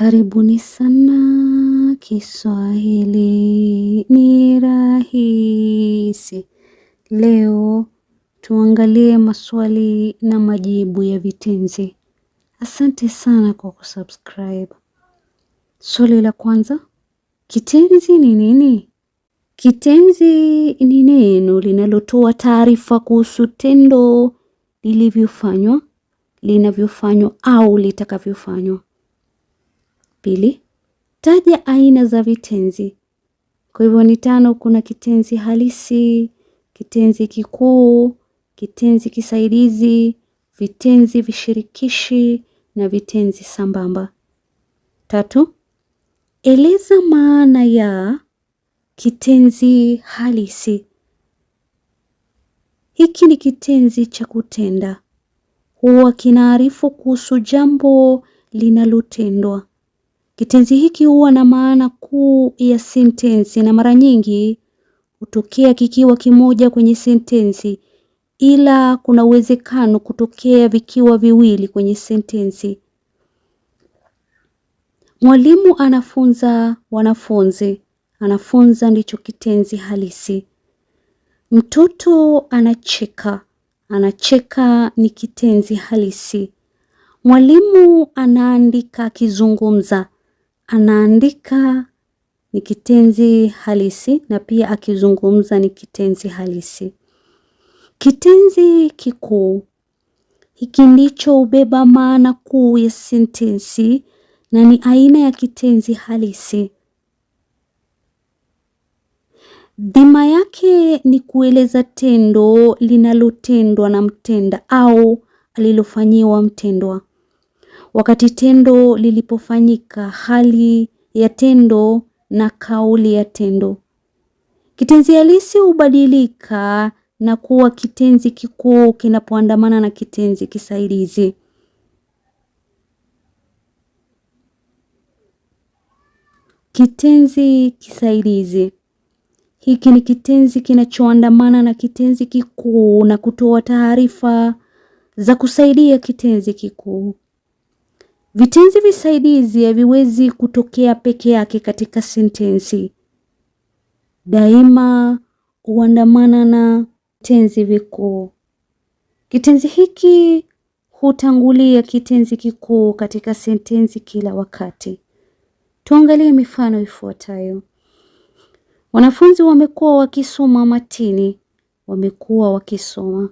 Karibuni sana Kiswahili ni rahisi. Leo tuangalie maswali na majibu ya vitenzi. Asante sana kwa kusubscribe. Swali la kwanza, kitenzi ni nini? Kitenzi ni neno linalotoa taarifa kuhusu tendo lilivyofanywa, linavyofanywa au litakavyofanywa. Pili, taja aina za vitenzi. Kwa hivyo ni tano, kuna kitenzi halisi, kitenzi kikuu, kitenzi kisaidizi, vitenzi vishirikishi na vitenzi sambamba. Tatu, eleza maana ya kitenzi halisi. Hiki ni kitenzi cha kutenda, huwa kinaarifu kuhusu jambo linalotendwa. Kitenzi hiki huwa na maana kuu ya sentensi na mara nyingi hutokea kikiwa kimoja kwenye sentensi, ila kuna uwezekano kutokea vikiwa viwili kwenye sentensi. Mwalimu anafunza wanafunzi. Anafunza ndicho kitenzi halisi. Mtoto anacheka. Anacheka ni kitenzi halisi. Mwalimu anaandika akizungumza anaandika ni kitenzi halisi na pia akizungumza ni kitenzi halisi. Kitenzi kikuu hiki ndicho hubeba maana kuu ya sentensi na ni aina ya kitenzi halisi. Dhima yake ni kueleza tendo linalotendwa na mtenda au alilofanyiwa mtendwa. Wakati tendo lilipofanyika, hali ya tendo na kauli ya tendo. Kitenzi halisi hubadilika na kuwa kitenzi kikuu kinapoandamana na kitenzi kisaidizi. Kitenzi kisaidizi hiki ni kitenzi kinachoandamana na kitenzi kikuu na kutoa taarifa za kusaidia kitenzi kikuu. Vitenzi visaidizi haviwezi kutokea peke yake katika sentensi, daima huandamana na vitenzi vikuu. Kitenzi hiki hutangulia kitenzi kikuu katika sentensi kila wakati. Tuangalie mifano ifuatayo. Wanafunzi wamekuwa wakisoma matini. Wamekuwa wakisoma.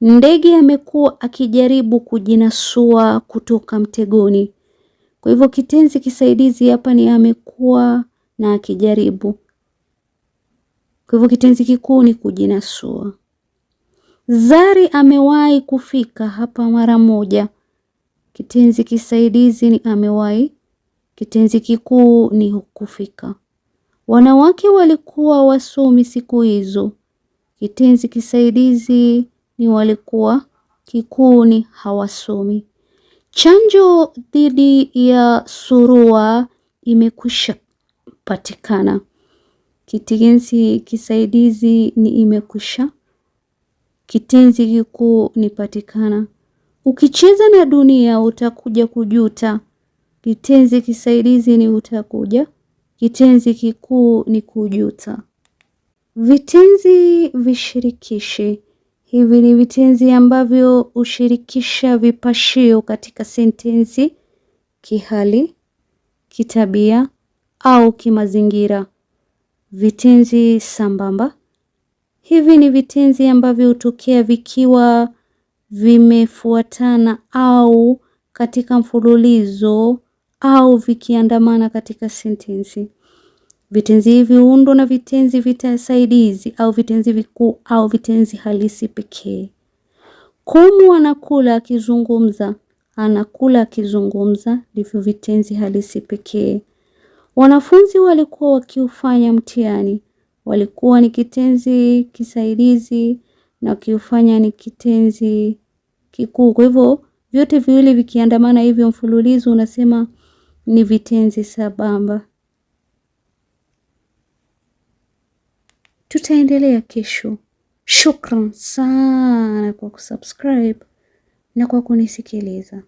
Ndege amekuwa akijaribu kujinasua kutoka mtegoni. Kwa hivyo kitenzi kisaidizi hapa ni amekuwa na akijaribu. Kwa hivyo kitenzi kikuu ni kujinasua. Zari amewahi kufika hapa mara moja. Kitenzi kisaidizi ni amewahi, kitenzi kikuu ni kufika. Wanawake walikuwa wasomi siku hizo. Kitenzi kisaidizi ni walikuwa ni hawasomi. Chanjo dhidi ya surua imekwisha patikana, kitenzi kisaidizi ni imekwisha, kitenzi kikuu ni patikana. Ukicheza na dunia utakuja kujuta, kitenzi kisaidizi ni utakuja, kitenzi kikuu ni kujuta. Vitenzi vishirikishi Hivi ni vitenzi ambavyo hushirikisha vipashio katika sentensi kihali, kitabia au kimazingira. Vitenzi sambamba. Hivi ni vitenzi ambavyo hutokea vikiwa vimefuatana au katika mfululizo au vikiandamana katika sentensi. Vitenzi hivi huundwa na vitenzi vitasaidizi au vitenzi vikuu au vitenzi halisi pekee. Kumu anakula akizungumza, anakula akizungumza ndivyo vitenzi halisi pekee. Wanafunzi walikuwa wakiufanya mtihani. Walikuwa ni kitenzi kisaidizi na wakiufanya ni kitenzi kikuu. Kwa hivyo vyote viwili vikiandamana hivyo mfululizo unasema ni vitenzi sabamba. Tutaendelea kesho. Shukran sana kwa kusubscribe na kwa kunisikiliza.